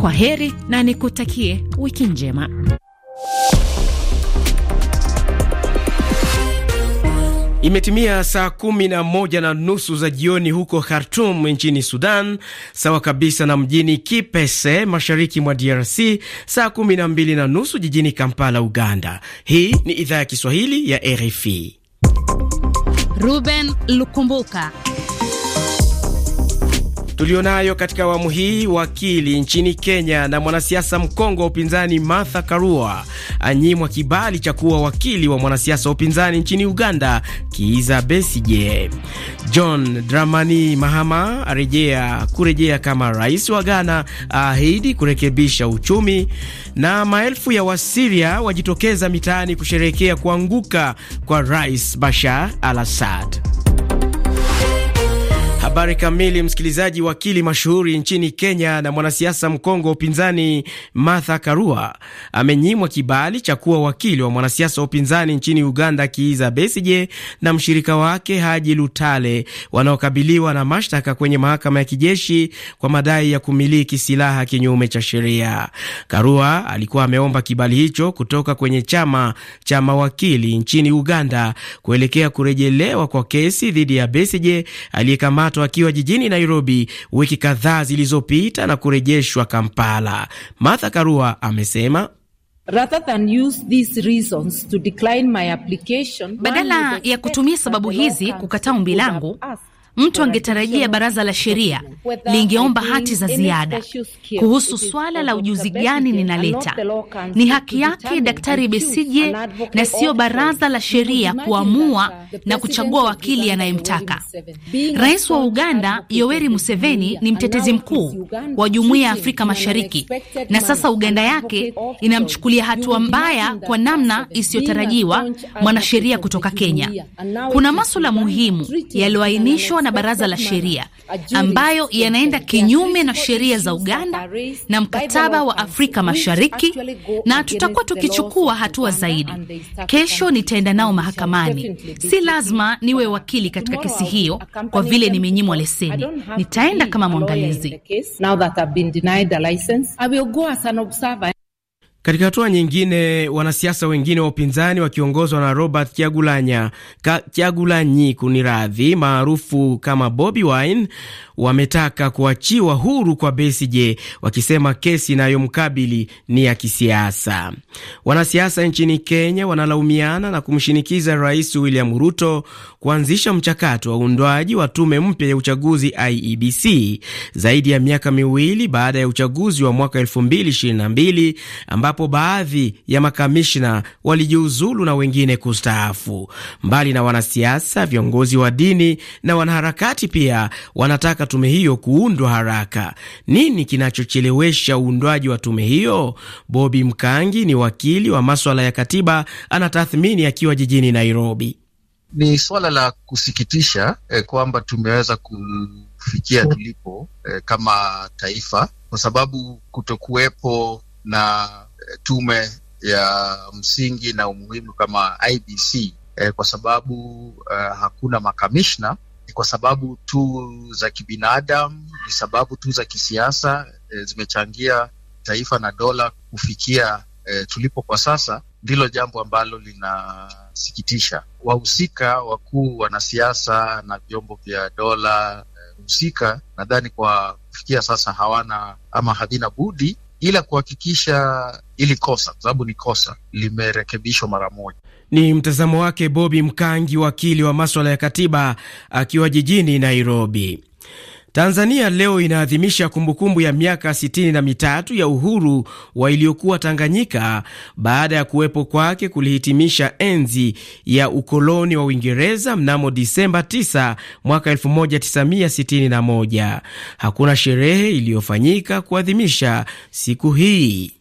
Kwa heri na nikutakie wiki njema. Imetimia saa kumi na moja na nusu za jioni huko Khartum nchini Sudan, sawa kabisa na mjini Kipese mashariki mwa DRC, saa kumi na mbili na nusu jijini Kampala, Uganda. Hii ni idhaa ya Kiswahili ya RFI. Ruben Lukumbuka tulionayo katika awamu hii. Wakili nchini Kenya na mwanasiasa mkongwe wa upinzani Martha Karua anyimwa kibali cha kuwa wakili wa mwanasiasa wa upinzani nchini Uganda Kiiza Besije. John Dramani Mahama arejea kurejea kama rais wa Ghana, aahidi kurekebisha uchumi, na maelfu ya Wasiria wajitokeza mitaani kusherehekea kuanguka kwa Rais Bashar al-Assad. Habari kamili, msikilizaji. Wakili mashuhuri nchini Kenya na mwanasiasa mkongwe wa upinzani Martha Karua amenyimwa kibali cha kuwa wakili wa mwanasiasa wa upinzani nchini Uganda Kiiza Besije na mshirika wake Haji Lutale wanaokabiliwa na mashtaka kwenye mahakama ya kijeshi kwa madai ya kumiliki silaha kinyume cha sheria. Karua alikuwa ameomba kibali hicho kutoka kwenye chama cha mawakili nchini Uganda kuelekea kurejelewa kwa kesi dhidi ya Besije aliyekama alikamatwa akiwa jijini Nairobi wiki kadhaa zilizopita na kurejeshwa Kampala. Martha Karua amesema badala ya kutumia sababu hizi kukataa ombi langu, Mtu angetarajia baraza la sheria lingeomba hati za ziada kuhusu swala la ujuzi gani ninaleta. Ni haki yake Daktari Besije na siyo baraza la sheria kuamua na kuchagua wakili anayemtaka. Rais wa Uganda Yoweri Museveni ni mtetezi mkuu wa Jumuiya ya Afrika Mashariki, na sasa Uganda yake inamchukulia hatua mbaya kwa namna isiyotarajiwa mwanasheria kutoka Kenya. Kuna maswala muhimu yaliyoainishwa na baraza la sheria ambayo yanaenda kinyume na sheria za Uganda na mkataba wa Afrika Mashariki, na tutakuwa tukichukua hatua zaidi. Kesho nitaenda nao mahakamani. Si lazima niwe wakili katika kesi hiyo, kwa vile nimenyimwa leseni. Nitaenda kama mwangalizi. Katika hatua nyingine, wanasiasa wengine wa upinzani wakiongozwa na Robert Kyagulanyi, Kyagulanyi kuniradhi, maarufu kama Bobi Wine wametaka kuachiwa huru kwa Besigye, wakisema kesi inayomkabili ni ya kisiasa. Wanasiasa nchini Kenya wanalaumiana na kumshinikiza Rais William Ruto kuanzisha mchakato wa uundwaji wa tume mpya ya uchaguzi IEBC zaidi ya miaka miwili baada ya uchaguzi wa mwaka 2022 ambapo ambapo baadhi ya makamishna walijiuzulu na wengine kustaafu. Mbali na wanasiasa, viongozi wa dini na wanaharakati pia wanataka tume hiyo kuundwa haraka. Nini kinachochelewesha uundwaji wa tume hiyo? Bobi Mkangi ni wakili wa maswala ya katiba, anatathmini akiwa jijini Nairobi. Ni suala la kusikitisha eh, kwamba tumeweza kufikia tulipo eh, kama taifa, kwa sababu kutokuwepo na tume ya msingi na umuhimu kama IBC eh, kwa sababu eh, hakuna makamishna, ni kwa sababu tu za kibinadamu, ni sababu tu za kisiasa eh, zimechangia taifa na dola kufikia eh, tulipo kwa sasa. Ndilo jambo ambalo linasikitisha. Wahusika wakuu, wanasiasa na vyombo vya dola eh, husika, eh, nadhani kwa kufikia sasa hawana ama havina budi ila kuhakikisha ili kosa, kwa sababu ni kosa, limerekebishwa mara moja. Ni mtazamo wake Bobi Mkangi, wakili wa maswala ya katiba, akiwa jijini Nairobi. Tanzania leo inaadhimisha kumbukumbu ya miaka sitini na mitatu ya uhuru wa iliyokuwa Tanganyika baada ya kuwepo kwake kulihitimisha enzi ya ukoloni wa Uingereza mnamo Disemba 9 mwaka 1961. Hakuna sherehe iliyofanyika kuadhimisha siku hii.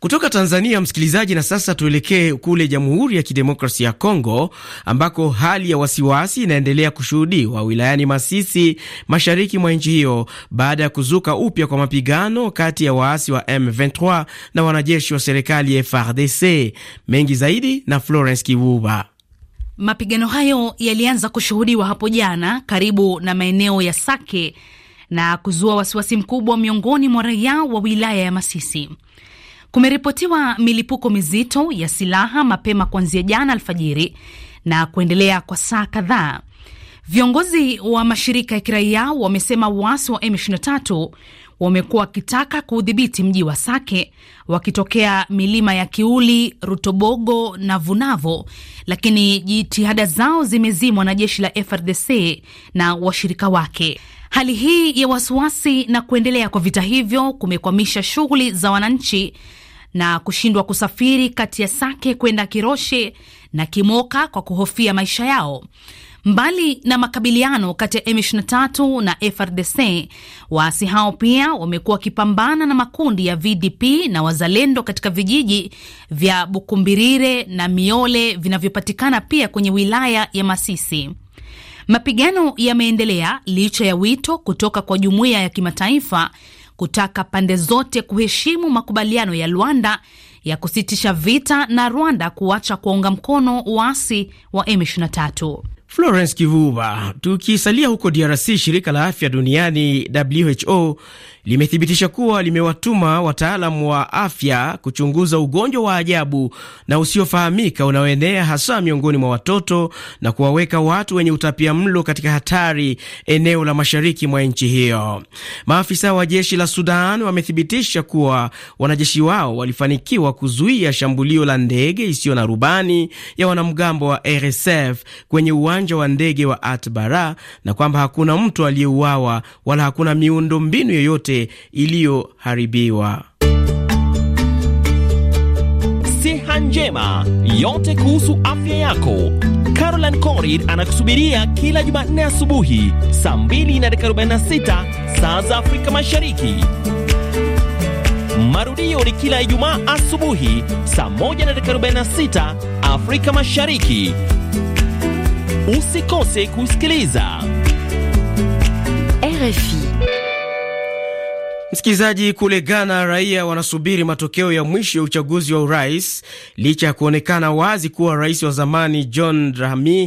Kutoka Tanzania, msikilizaji, na sasa tuelekee kule Jamhuri ya Kidemokrasia ya Kongo ambako hali ya wasiwasi inaendelea kushuhudiwa wilayani Masisi, mashariki mwa nchi hiyo baada ya kuzuka upya kwa mapigano kati ya waasi wa M23 na wanajeshi wa serikali ya FARDC. Mengi zaidi na Florence Kivuba. Mapigano hayo yalianza kushuhudiwa hapo jana karibu na maeneo ya Sake na kuzua wasiwasi mkubwa miongoni mwa raia wa wilaya ya Masisi. Kumeripotiwa milipuko mizito ya silaha mapema kuanzia jana alfajiri na kuendelea kwa saa kadhaa. Viongozi wa mashirika ya kiraia wamesema waasi wa M23 wamekuwa wakitaka kuudhibiti mji wa Sake wakitokea milima ya Kiuli, Rutobogo na Vunavo, lakini jitihada zao zimezimwa na jeshi la FRDC na washirika wake. Hali hii ya wasiwasi na kuendelea kwa vita hivyo kumekwamisha shughuli za wananchi na kushindwa kusafiri kati ya Sake kwenda kiroshe na Kimoka kwa kuhofia maisha yao. Mbali na makabiliano kati ya M23 na FRDC, waasi hao pia wamekuwa wakipambana na makundi ya VDP na wazalendo katika vijiji vya Bukumbirire na Miole vinavyopatikana pia kwenye wilaya ya Masisi. Mapigano yameendelea licha ya wito kutoka kwa jumuiya ya kimataifa kutaka pande zote kuheshimu makubaliano ya Luanda ya kusitisha vita na Rwanda kuacha kuwaunga mkono waasi wa M23. Florence Kivuba, Tukisalia huko DRC, shirika la afya duniani WHO limethibitisha kuwa limewatuma wataalamu wa afya kuchunguza ugonjwa wa ajabu na usiofahamika unaoenea hasa miongoni mwa watoto na kuwaweka watu wenye utapia mlo katika hatari eneo la mashariki mwa nchi hiyo. Maafisa wa jeshi la Sudan wamethibitisha kuwa wanajeshi wao walifanikiwa kuzuia shambulio la ndege isiyo na rubani ya wanamgambo wa RSF kwenye uwanja uwanja wa ndege wa Atbara na kwamba hakuna mtu aliyeuawa wala hakuna miundo mbinu yoyote iliyoharibiwa. Siha Njema, yote kuhusu afya yako. Carolin Corid anakusubiria kila Jumanne asubuhi saa 246 saa za Afrika Mashariki. Marudio ni kila Ijumaa asubuhi saa 146 Afrika Mashariki. on s'est quand c'est qu'on RFI Msikilizaji, kule Ghana raia wanasubiri matokeo ya mwisho ya uchaguzi wa urais licha ya kuonekana wazi kuwa rais wa zamani John Dramani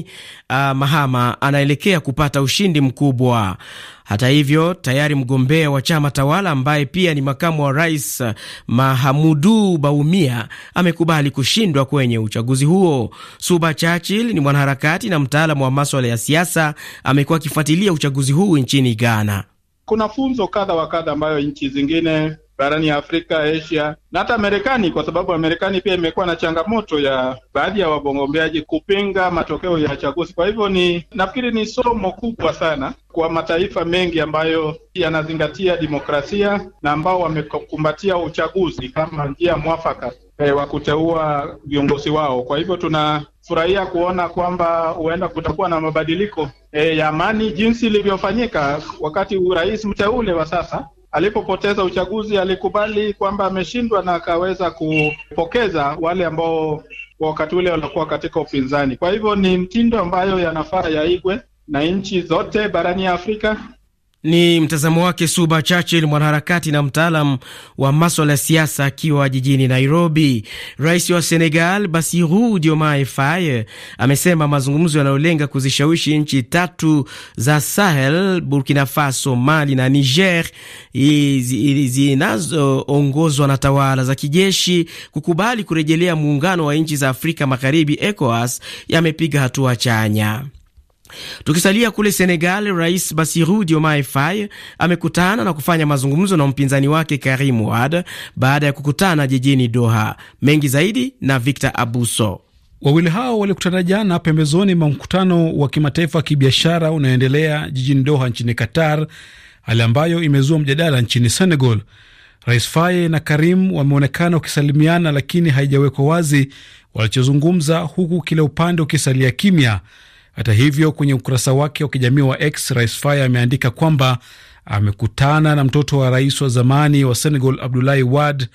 uh, Mahama anaelekea kupata ushindi mkubwa. Hata hivyo, tayari mgombea wa chama tawala ambaye pia ni makamu wa rais uh, Mahamudu Baumia amekubali kushindwa kwenye uchaguzi huo. Suba Churchill ni mwanaharakati na mtaalamu wa maswala ya siasa, amekuwa akifuatilia uchaguzi huu nchini Ghana. Kuna funzo kadha wa kadha ambayo nchi zingine barani ya Afrika, Asia na hata Marekani, kwa sababu Marekani pia imekuwa na changamoto ya baadhi ya wagombeaji kupinga matokeo ya chaguzi. Kwa hivyo ni nafikiri ni somo kubwa sana kwa mataifa mengi ambayo yanazingatia demokrasia na ambao wamekumbatia uchaguzi kama njia mwafaka e, wa kuteua viongozi wao. Kwa hivyo tunafurahia kuona kwamba huenda kutakuwa na mabadiliko e, ya amani jinsi ilivyofanyika wakati rais mteule wa sasa alipopoteza uchaguzi alikubali kwamba ameshindwa na akaweza kupokeza wale ambao kwa wakati ule walikuwa katika upinzani. Kwa hivyo ni mtindo ambayo yanafaa yaigwe na nchi zote barani ya Afrika ni mtazamo wake Suba Churchill, mwanaharakati na mtaalam wa maswala ya siasa, akiwa jijini Nairobi. Rais wa Senegal Bassirou Diomaye Faye amesema mazungumzo yanayolenga kuzishawishi nchi tatu za Sahel, Burkina Faso, Mali na Niger, zinazoongozwa na tawala za kijeshi kukubali kurejelea muungano wa nchi za Afrika Magharibi, ECOWAS, yamepiga hatua chanya. Tukisalia kule Senegal, Rais basiru Diomaye Faye amekutana na kufanya mazungumzo na mpinzani wake Karim Wade baada ya kukutana jijini Doha. Mengi zaidi na Victor Abuso. Wawili hao walikutana jana pembezoni mwa mkutano wa kimataifa wa kibiashara unaoendelea jijini Doha nchini Qatar, hali ambayo imezua mjadala nchini Senegal. Rais Faye na Karim wameonekana wakisalimiana, lakini haijawekwa wazi walichozungumza, huku kila upande ukisalia kimya. Hata hivyo, kwenye ukurasa wake wa kijamii wa X, Rais Faye ameandika kwamba amekutana na mtoto wa rais wa zamani wa Senegal Abdoulaye wad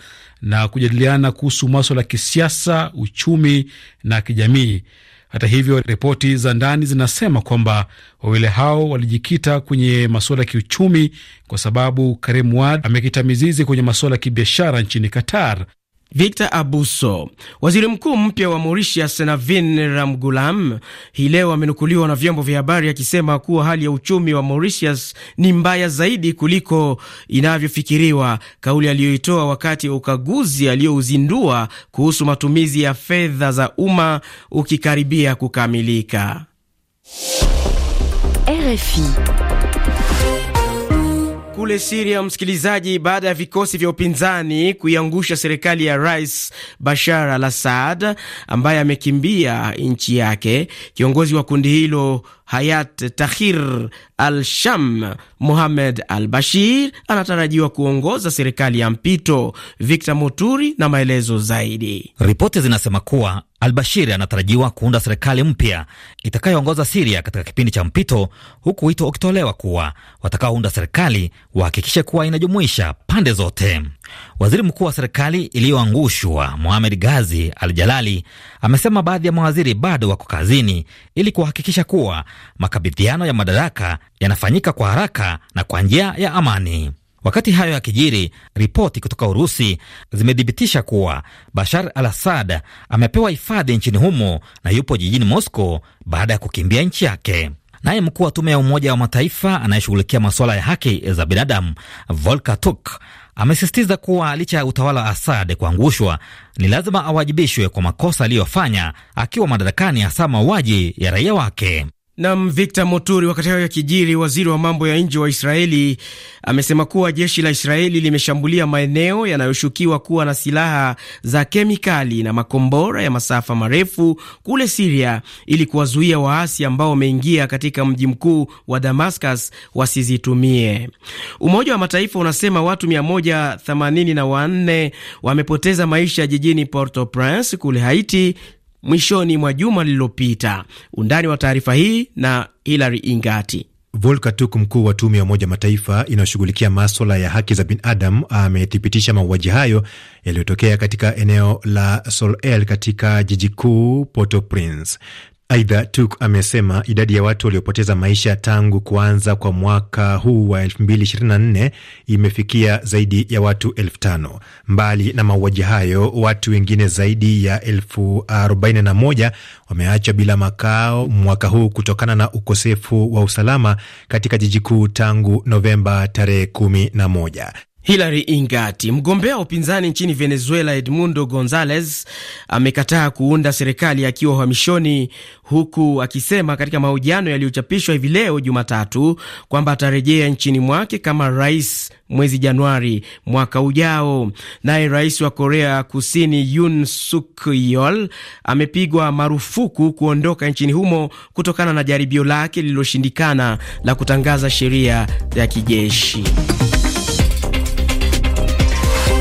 na kujadiliana kuhusu maswala ya kisiasa, uchumi na kijamii. Hata hivyo, ripoti za ndani zinasema kwamba wawili hao walijikita kwenye masuala ya kiuchumi kwa sababu Karim Wade amekita mizizi kwenye masuala ya kibiashara nchini Qatar. Victor Abuso. Waziri mkuu mpya wa Mauritius Navin ramgulam hii leo amenukuliwa na vyombo vya habari akisema kuwa hali ya uchumi wa Mauritius ni mbaya zaidi kuliko inavyofikiriwa, kauli aliyoitoa wakati wa ukaguzi aliyouzindua kuhusu matumizi ya fedha za umma ukikaribia kukamilika. RFI kule Siria, msikilizaji, baada ya vikosi vya upinzani kuiangusha serikali ya Rais Bashar al Assad ambaye amekimbia nchi yake, kiongozi wa kundi hilo Hayat Tahrir Al-Sham Mohamed Al-Bashir anatarajiwa kuongoza serikali ya mpito. Victor Muturi na maelezo zaidi. Ripoti zinasema kuwa Al-Bashir anatarajiwa kuunda serikali mpya itakayoongoza Siria katika kipindi cha mpito, huku wito ukitolewa kuwa watakaounda serikali wahakikishe kuwa inajumuisha pande zote. Waziri mkuu wa serikali iliyoangushwa Mohamed Gazi Al Jalali amesema baadhi ya mawaziri bado wako kazini ili kuhakikisha kuwa makabidhiano ya madaraka yanafanyika kwa haraka na kwa njia ya amani. Wakati hayo yakijiri, ripoti kutoka Urusi zimethibitisha kuwa Bashar al Assad amepewa hifadhi nchini humo na yupo jijini Moscow baada ya kukimbia nchi yake. Naye mkuu wa tume ya Umoja wa Mataifa anayeshughulikia masuala ya haki za binadamu Volker Turk Amesisitiza kuwa licha ya utawala wa Assad kuangushwa, ni lazima awajibishwe kwa makosa aliyofanya akiwa madarakani, hasa mauaji ya raia wake. Nam Victor Moturi. Wakati hayo yakijiri, waziri wa mambo ya nje wa Israeli amesema kuwa jeshi la Israeli limeshambulia maeneo yanayoshukiwa kuwa na silaha za kemikali na makombora ya masafa marefu kule Siria ili kuwazuia waasi ambao wameingia katika mji mkuu wa Damascus wasizitumie. Umoja wa Mataifa unasema watu 184 wamepoteza maisha jijini Port au Prince kule Haiti mwishoni mwa juma lililopita. Undani wa taarifa hii na Hilary Ingati. Volker Turk, mkuu wa tume ya Umoja Mataifa inayoshughulikia maswala ya haki za binadamu, amethibitisha mauaji hayo yaliyotokea katika eneo la Soleil katika jiji kuu Port-au-Prince. Aidha, Tuk amesema idadi ya watu waliopoteza maisha tangu kuanza kwa mwaka huu wa 2024 imefikia zaidi ya watu elfu tano. Mbali na mauaji hayo, watu wengine zaidi ya elfu arobaini na moja wameachwa bila makao mwaka huu kutokana na ukosefu wa usalama katika jiji kuu tangu Novemba tarehe 11. Hilary Ingati. Mgombea wa upinzani nchini Venezuela Edmundo Gonzalez amekataa kuunda serikali akiwa uhamishoni, huku akisema katika mahojiano yaliyochapishwa hivi leo Jumatatu kwamba atarejea nchini mwake kama rais mwezi Januari mwaka ujao. Naye rais wa Korea Kusini Yoon Suk Yeol amepigwa marufuku kuondoka nchini humo kutokana na jaribio lake lililoshindikana la kutangaza sheria ya kijeshi.